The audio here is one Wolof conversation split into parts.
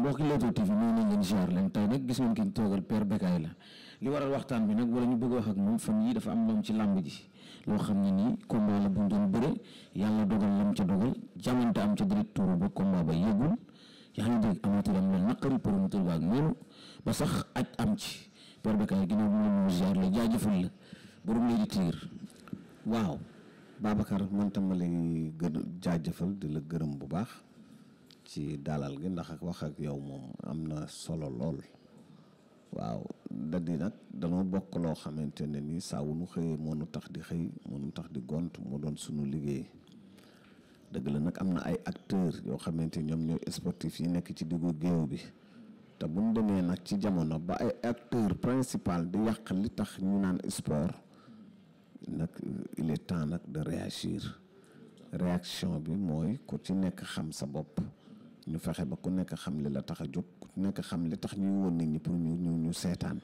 mbokki Leewtoo TV ñoo nañ leen ziar leen tey nag gis ngeen ki ñu toogal Père la li waral waxtaan bi nag wala ñu bëgg wax ak moom fan yii dafa am loom ci làmb ji loo xam ne nii combat la bu ñu doon bëre yàlla ca dogal jamante am ca direct tour ba combat ba yëgul yaa ngi dégg amateur am la naqari promoteur ba ak noonu ba sax aj am ci Père Bécaye ginnaaw bi ñu leen ziar la jaajëfal la borom lay waaw Babacar man tam ma lay gën jëfal di la gërëm bu baax ci dalal gi ndax ak wax ak yow moom am na solo lool waaw dadi nag danoo bokk loo xamante ne ni saa wu xëyee moo nu tax di xëy moo nu tax di gont moo doon sunu liggéey dëgg la nag am na ay acteur yoo xamante ñoom ñooy sportif yi nekk ci diggu géew bi te buñ demee nag ci jamono ba ay acteur principal di yàq li tax ñu naan sport nag il est temps nag de réagir réaction bi mooy ko ci nekk xam sa bopp ñu fexe ba ku nekk xam li la tax a jóg ku nekk xam li tax ñuy woon nit ñi pour ñu ñu ñu seetaan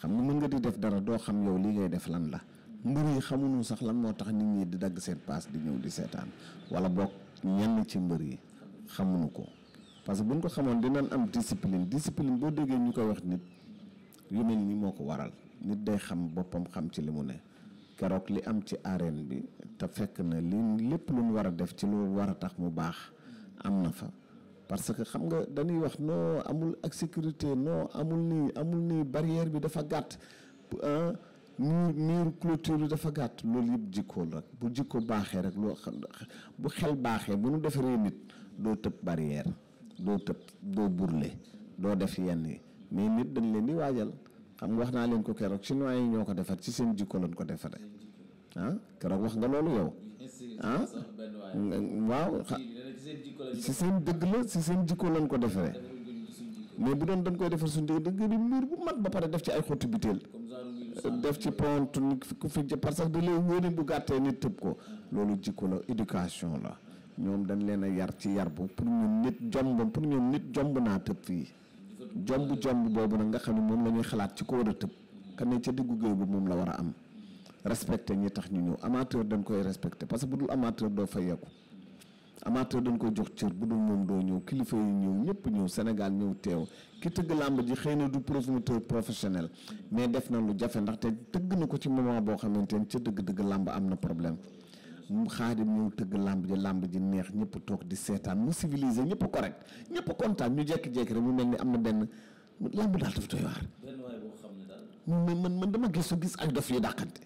xam nga mën nga di def dara doo xam yow li ngay def lan la mbër yi xamuñu sax lan moo tax nit ñi di dagg seen paas di ñëw di seetaan wala boog ñenn ci mbër yi xamuñu ko parce que buñ ko xamoon dinañ am discipline discipline boo déggee ñu koy wax nit yu mel ni moo ko waral nit day xam boppam xam ci li mu ne keroog li am ci arène bi te fekk na li lépp lu mu war a def ci lu war a tax mu baax am na fa parce que xam nga dañuy wax non amul ak sécurité non amul nii amul nii barrière bi dafa gàtt mur mur clôture bi dafa gàtt loolu yëpp jikkoon rek bu jikko baaxee rek loo xam bu xel baaxee bu nu defaree nit doo tëb barrière doo tëb doo burle doo def yenn yi mais nit dañ leen di waajal xam nga wax naa leen ko keroog chinois yi ñoo ko defar ci seen jikko lañ ko defaree ah keroog wax nga loolu yow waaw si seen dëgg la si seen jikko lañ ko defaree mais bu doon dañ koy defar suñu dëgg dëgg di mur bu mat ba pare def ci ay xottu butéel def ci pont ni ku fi ci parce que da lay wóor bu gàttee nit tëb ko loolu jikko la éducation la ñoom dañ leen a yar ci yar bu pour ñun nit jomb pour ñun nit jomb naa tëb fii jomb jomb boobu nag nga xam ne moom la ñuy xalaat ci ko war a tëb kan ne ca diggu géew ba moom la war a am respecté ñi tax ñu ñëw amateur dañ koy respecté parce que bu dul amateur doo fa amateur dañ koy jox cër bu dul moom doo ñëw kilifa yi ñëw ñëpp ñëw Sénégal ñëw teew ki tëgg làmb ji xëy na du promoteur professionnel mais def na lu jafe ndaxte tëgg na ko ci moment boo xamante ni ca dëgg-dëgg làmb am na problème xaadim ñëw tëgg làmb ji làmb ji neex ñëpp toog di seetaan mu civilisé ñëpp correct ñëpp kontaan mu jékki-jékki rek mu mel ni am na benn làmb daal dafa doy waar. benn dama gis gis ay dof yu dàqante.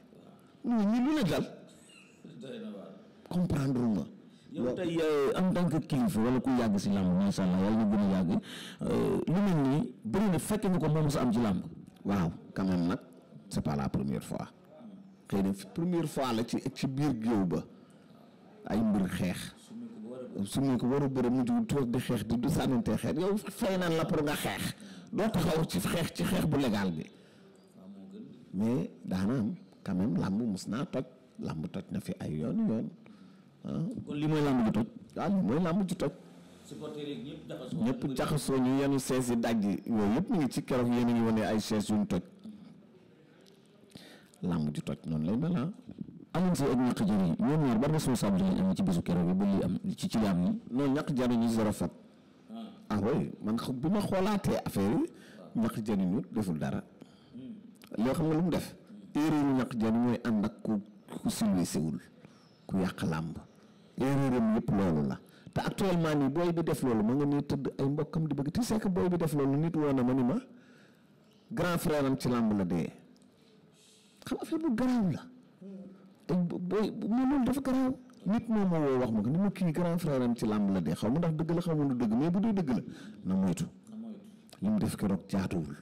waaw ñun ñu lu la dal. comprendre ma. yow tey euh, en tant que kilifa wala ku yàgg si làmb macha allah yàlla nga a yàgg euh, lu mel nii bëri na fekke nga ko moom sa am ci làmb waaw quand nag c'est pas la première fois xëy na première fois la ci ci biir géew ba ay mbir xeex su ko war a bëri mu di toog di xeex di du sànnantee xeex yow fay naan la pour nga xeex doo taxaw ci xeex bu légal bi mais daana am quand même làmb mus naa toj làmb toj na fi ay yoon yoon kon li mooy làmb ju toj. li mooy làmb ju toj. supporters yi ñëpp jaxasoo. ñëpp jaxasoo ñu yenu sees yi dagg yooyu yëpp mu ngi ci keroog yéen a ngi wane ay sees yu ñu toj. làmb ju toj noonu lay mel ah. amoon si ak ñàkk jar yi ñoom ñaar ban responsable lañ am ci bésu keroog yi ba lii am ci ci li am nii. non ñàkk jar ñu zéro fat. Ah. ah oui man xam bu ma xoolaatee affaire yi. Ah. ñàkk jar ñu deful dara. loo hmm. xam nga lu mu def. Hmm. erreur yu ñàkk jar mooy ànd ak ku ku silwisewul ku yàq làmb. erreuram yëpp loolu la te actuellement nii booy bi def loolu ma nga nii tëdd ay mbokkam di bëgg ti sekk booy bi def loolu nit woon na ma ni ma grand frère am ci làmb la dee xam affaire bu garaaw la te booy mais loolu dafa garaaw nit moom moo woo wax ma ko ni ma kii grand frère am ci làmb la dee xaw ma ndax dëgg la xaw ma lu dëgg mais bu dee dëgg la na moytu li mu def keroog jaatuwul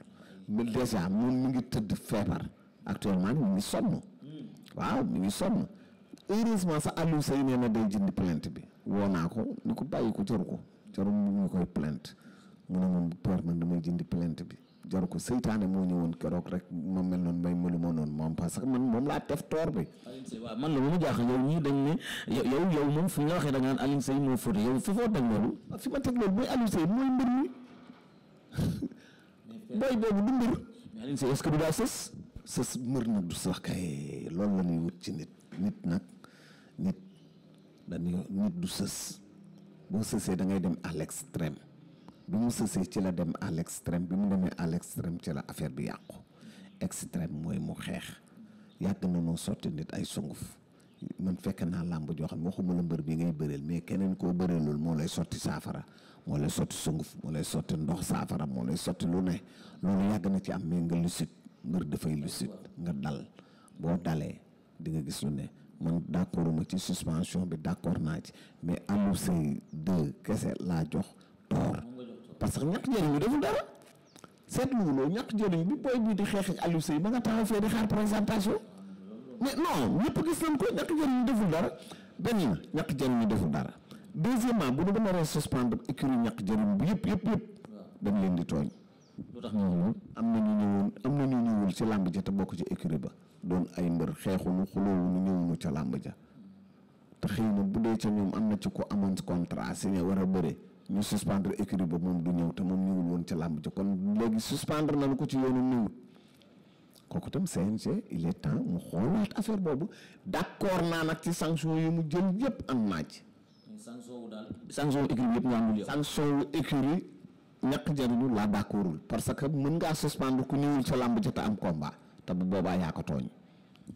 mais déjà moom mi ngi tëdd feebar actuellement ni mu ngi sonn hmm. waaw mi ngi sonn heureusement sax Aliou Seye nee na day jënd plainte bi woo naa ko ni ko bàyyi ko jaru ko jaru mu ngi koy plainte mu ne man père man damay jëndi plainte bi jaru ko seytaane moo ñëwoon keroog rek ma mel noonu may mëlu ma noonu moom parce que man moom laa def toor bi Alioune Seye waaw man la moomu jaaxal yow da nga naan Alioune Seye moo fóote yow fi foo teg loolu fi ma teg loolu mooy Alioune Seye mooy mbir mi booy boobu du mbir mais Alioune est-ce que du daa sës sës mbir nag du sax kay loolu la ñuy wut ci nit nit nag nit dañu nit du sës boo sësee dangay dem à l'extrême bi mu sësee ci la dem à l'extrême bi mu demee à l'extrême ci la affaire bi yàqu extrême mooy mu xeex yàgg na noo sotti nit ay sunguf man fekk naa làmb joo xam ne waxuma la mbër bi ngay bëreel mais keneen koo bëreelul moo lay sotti saafara moo lay sotti sunguf moo lay sotti ndox saafara moo lay sotti lu ne loolu yàgg na ci am mais nga lucide mbër dafay lucide nga dal boo dalee di nga gis lu ne man d'accord ma ci suspension bi d'accord naa ci mais Aliou Seye deux kese laa jox toor parce que ñàkk jëriñ bi deful dara seetluwuloo ñàkk jëriñ booy bii di xeex ak Aliou Seye ba nga taxaw fee di xaar présentation mais non ñëpp gis nañ ko ñàkk jëriñ deful dara benn na ñàkk jëriñ deful dara deuxièmement bu ñu ba naree suspendre écurie ñàkk jëriñ bi yëpp yëpp yëpp dañ leen di tooñ lu tax am na ñu ñëwoon am na ñu ñëwul ci làmb ji te bokk ci écurie ba doon ay mbër xeexunu xuloowunu ñëwunu ca làmb ja te xëy na bu dee ca ñoom am na ci ko amoon contrat signé war a bëre ñu suspendre écurie ba moom du ñëw te moom ñëwul woon ca làmb ja kon léegi suspendre nañ ko ci yoonu ñëwul kooku tam CNG il est temps mu xoolaat affaire boobu d'accord naa nag ci sanction yi mu jël yépp am naa ci sanction wu daal sanction écurie yëpp nga àndul yow sanction wu jariñu laa d'accordul parce que mën ngaa suspendre ku ñëwul ca làmb ja am combat te bu boobaa yaa ko tooñ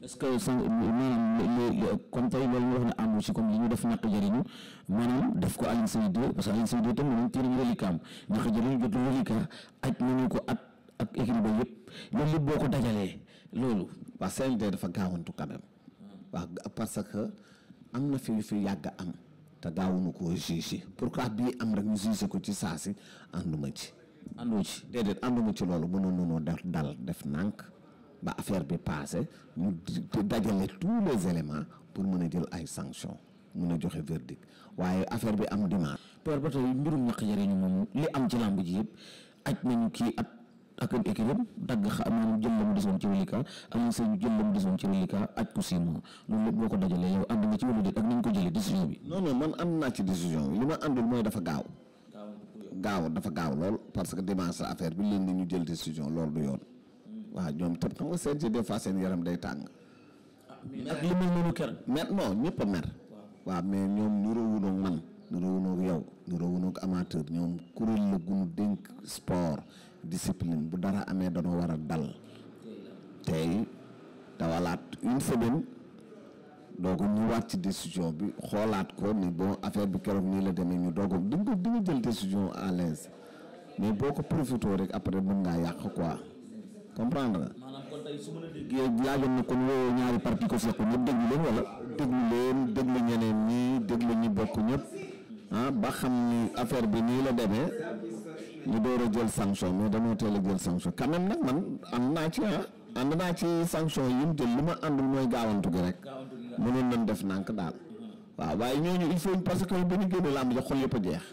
est que sa maanaam comme tey loolu nga wax ne amu si comme li ñu def ñàkk jëriñu maanaam def ko Alioune Seye 2 parce que Alioune Seye 2 tam maanaam tiiram relikaam ñàkk jëriñu jotul relika aj nañu ko at ak équipe ba yëpp loolu yëpp boo ko dajalee loolu waa CNG dafa gaawantu quand même waaw parce que am na fi lu fi am te daawuñu koo jugé pourquoi bii am rek ñu jugé ko ci saa si ànduma ci àndoo ci déedéet ànduma ci loolu mënoon noonu def dal def nànk ba affaire bi paase mu dajale tous les éléments pour mun a jël ay sanctions mën a joxe verdict waaye affaire bi am dimanche. père ba tey mbirum ñàkk jariñu moom li am ci làmb ji yëpp aj nañu kii ak ak équipe dagg xa maanaam jël la mu desoon ci reliquat ko sinon loolu lépp boo ko dajalee yow ànd nga ko jëlee décision bi. non non man ànd naa ci décision bi li ma àndul mooy dafa gaaw. gaaw dafa gaaw lool parce que dimanche affaire bi leen na ñu jël décision loolu du yoon. waaw ñoom tam xam nga CNG des fois seen yaram day tàng. mais ak li mel noonu kër. mer non ñëpp a mer. waaw mais ñoom niroowul ak man niroowul ak yow niroowul ak amateur ñoom kuréel la gunu dénk sport discipline bu dara amee danoo war a dal. tey dawalaat une semaine doog a ñëwaat ci décision bi xoolaat ko ni bon affaire bi keroog nii la demee ñu doog a di nga jël décision à mais boo ko profité rek après mën ngaa yàq quoi. comprendre nga. maanaam kon tey su ma na kon woo ñaari parti ko seqoon ñëpp déglu leen wala. déglu leen ñeneen ñi déglu ñi bokk ñëpp. ah ba xam ni affaire bi nii la demee ñu door a jël sanction mais dañoo teel a jël sanction quand même man ànd naa ci ah ànd naa ci sanction yi mu jël li ma ànd mooy gaawantu gi rek mënoon nañ def nànk daal waaw waaye ñooñu il faut parce que ba ñu génne làmb ja xol yëpp a jeex.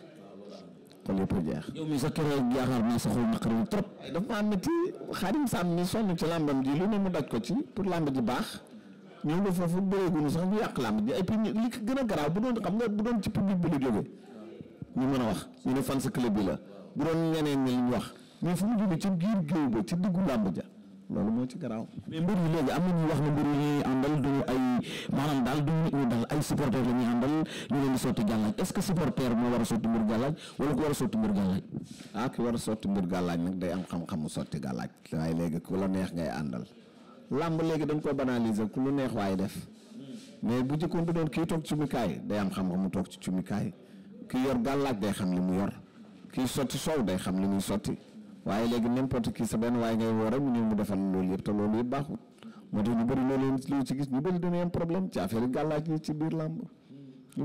te lépp jeex. yow mi sa keroog yaakaar naa sa xol naqariwul trop. dafa maa métti Xaadim Samb mi sonn ci làmbam ji lu ne mu daj ko ci pour làmb ji baax ñëw nga foofu bëreeguñu sax ñu yàq làmb ji et puis li ko gën a garaaw bu doon xam nga bu doon ci public bi la jógee ñu mën a wax ñu ne fan sa club bi la bu doon ñeneen ñi wax ñu fu mu jógee ci biir géew ba ci diggu làmb ja loolu moo ci garaaw. mais mbir mi léegi am na ñu wax ne mbir yi àndal du ay maanaam daal du ñu dal ay supporter la ñuy àndal ñu leen di sotti gàllaaj est ce que supporter moo war a sotti mbir gàllaaj wala ku war a sotti mbir gàllaaj. ah ki war a sotti mbir gàllaaj nag day am xam-xamu sotti gàllaaj. waaye léegi ku la neex ngay àndal. làmb léegi dañ ko banaliser ku lu neex waaye def. mais bu jëkkoon bi doon kii toog ci day am xam mu toog ci mikaay kii yor gàllaaj day xam li mu yor kii sotti soow day xam li muy sotti. waaye léegi n'importe qui sa benn waaye ngay woo rek mu ñëw mu defal loolu yëpp te loolu yëpp baaxul moo tax ñu bëri loolu leen ci gis ñu bëri ci biir làmb ñu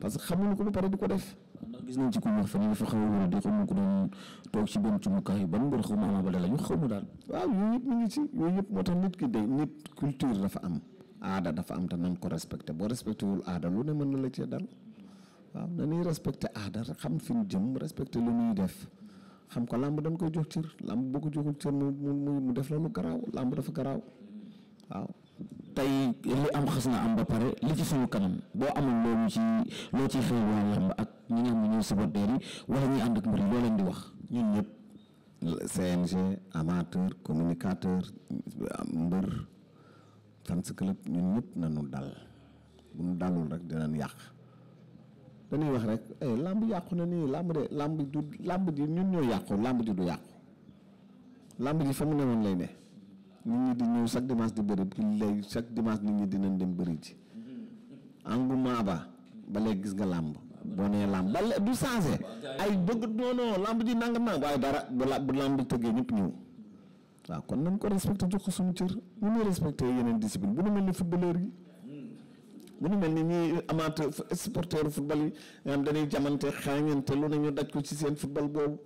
parce que xamuñu ko ba pare di ko def gis nañ ci ku wax fan dafa xaw a wóor di xaw ma ko doon toog ci benn cumukaay ban mbir xaw daal waaw yooyu yëpp mi moo tax nit ki de nit culture dafa am aada dafa am te nañ ko respecté boo respecté wul aada lu ne mën na la cee dal waaw na ñuy respecté aada xam fi ñu jëm respecté lu ñuy def xam ko làmb dañ koy jox cër làmb boo ko joxul cër mu mu mu def la lu garaaw làmb dafa garaaw waaw. tey li am xas na am ba pare li ci suñu kanam boo amul loolu ci loo ciy xëy waa làmb ak ñi nga xam ne ñooy supporters yi wala ànd ak mbir yi loo leen di wax ñu ñëpp. CNG amateur communicateur mbër fans club ñun ñëpp nañu dal bu ñu dalul rek dinañ yàq. dañuy wax rek eh làmb yàqu na nii làmb de làmb du làmb ji ñun ñoo yàqu làmb ji du yàqu làmb ji fa mu ne lay ne nit ñi di ñëw chaque dimanche di bëri léegi chaque dimanche nit ñi dinañ dem bëri ji engouement ba ba léegi gis nga làmb boo nee làmb ba du changé ay bëgg noonu làmb ji nangam nang waaye dara bu la bu làmb tëggee ñëpp ñëw waaw kon nañ ko respecté jox ko suñu cër ñu ngi respecté yeneen discipline bu nu mel ni footballeur yi bu ñu mel ni ñuy amateur supporteur football yi nga xam dañuy jamante xaañante lu ne ñu daj ko ci seen football boobu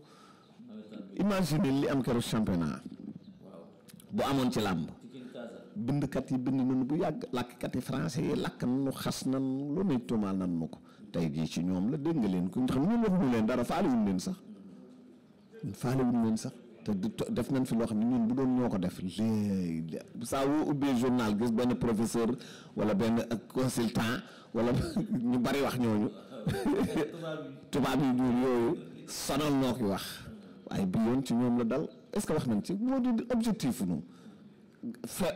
imagine li am keroog championnat bu amoon ci làmb bindkat yi bind nañu bu yàgg làkkat yi français yi làkk nañu xas nan lu ne tuumaal nan mu ko tey jii ci ñoom la dégg leen ko xam ñun waxuñu leen dara faale wuñ leen sax faale wuñ leen sax te du def nañ fi loo xam ne ñun bu doon ñoo ko def léegi saa woo ubbee journal gis benn professeur wala benn consultant wala ñu bari wax ñooñu tubaab yi ñoo yooyu sonal noo ki wax waaye bi ci ñoom la dal est-ce que wax nañ ci moo di objectif nu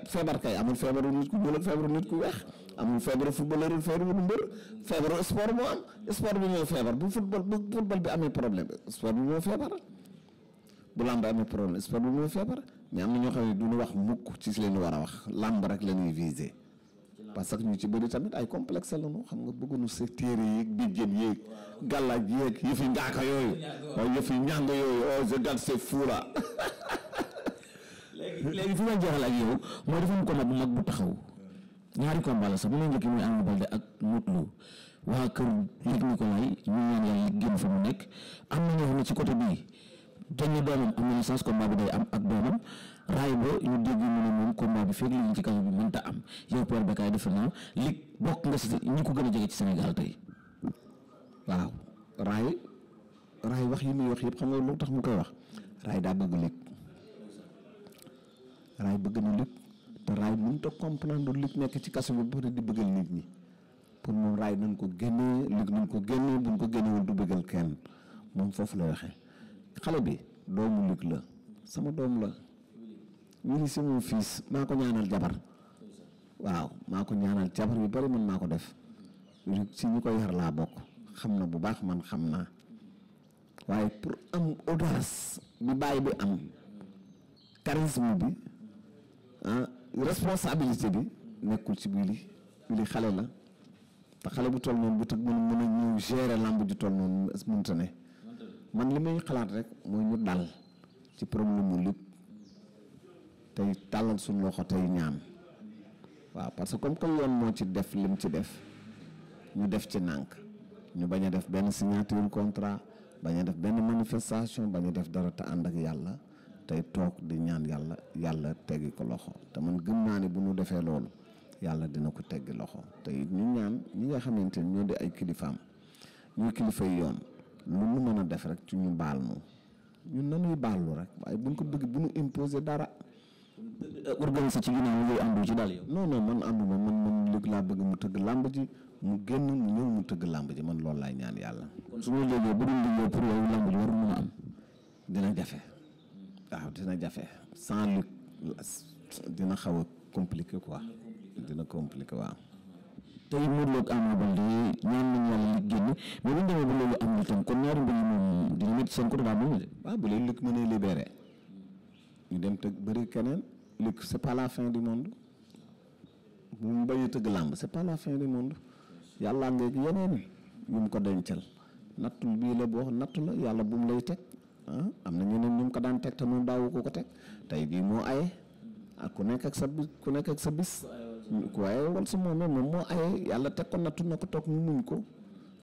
feebar kay amul feebaru nit ku ñuul ak feebaru nit ku weex amul feebaru footballeur ak feebaru mbër feebaru sport moo am sport bi ñoo feebar bu football bu football bi amee problème sport bi ñoo feebar bu làmb amee problème sport bi mooy feebar mais am na ñoo xam ne du wax mukk ci si war a wax làmb rek la ñuy parce que ñu ci bëri tamit ay complexe la ñu xam nga bëgguñu sa téere yeeg bijjën yeeg gàllaaj yeeg yëfi ngaaka yooyu waaye yëfi ñàng yooyu oh je garde c'est fou là fi ma jeexal ak yow mooy dafa am combat bu mag bu taxaw ñaari combat la sax mu ne njëkk muy Ama Baldé ak Modou Lô waa kër Luc Nicolaï ñu ñaan génn fa mu nekk am na ñoo ci côté bii joñ doomam am na licence combat bi day am ak doomam raay ba ñu dégg mu ne moom combat bi fekk liñ defe naa li bokk nga si ñi ko gën a jege ci Sénégal tey waaw raay raay wax yi muy wax yëpp xam nga lu tax mu koy wax raay daa bëgg lépp raay bëgg na lépp te raay mënut a comprendre lépp nekk ci kaso bi ba pare di bëggal nit ñi pour moom raay nañ ko génnee léegi nañ ko génnee buñ ko génnewul du bëggal kenn moom foofu lay waxee xale bi doomu Luc la sama doom la Wily c'est mon fils maa ko ñaanal jabar waaw maa ko ñaanal jabar yu bari man maa ko def si ñu ko yar laa bokk xam na bu baax man xam naa waaye pour am audace bi bàyyi bi am charisme bi ah responsabilité bi nekkul ci Wily Wily xale la te xale bu toll noonu bu tëgg mën mën a ñëw gérer lamb ju toll noonu mënta ne man li may xalaat rek mooy ñu dal ci problème mu lutte tey tàllal suñu loxo tey ñaan waaw parce que comme que yoon moo ci def lim ci def ñu def ci nànk ñu bañ a def benn signature contrat bañ a def benn manifestation bañ a def dara te ànd ak yàlla tey toog di ñaan yàlla yàlla teggi ko loxo te man gëm naa ne bu ñu defee loolu yàlla dina ko teggi loxo te ñu ñaan ñi nga xamante ni ñoo di ay kilifaam ñuy kilifay yoon. lu nu mën a def rek ci ñu baal moom ñun nanuy baalu rek waaye buñ ko bëgg bu ñu imposer dara. Euh, organiser ci ginnaaw yooyu àndu ci daal yow. non non man àndu ma man man léegi laa bëgg mu tëgg làmb ji mu génn mu ñëw mu tëgg làmb ji man loolu laay ñaan yàlla. kon su ma déggee bu dul liggéey pour yow làmb ji a am dina jafe waaw dina jafe sans lutte dina xawa a compliqué quoi dina compliqué waaw. tey Modou Lo ak Ama Baldé ñaan nañu yàlla lig génn mais bu ñu demee ba loolu am na tam kon ñaari mbir yi moom dina métti seen côté daal moom de. waaw mu bañ tëgg làmb c'est pas la fin du monde yàlla ngeeg yeneen yu mu ko dencal nattul bii la boo nattu la yàlla bu mu lay teg ah am na ñeneen ñu mu ko daan teg te moom daawu ko teg tey bii moo aye ku nekk ak sa bis. waaye won sa moom moom moo aye yàlla teg ko nattu na ko toog mu muñ ko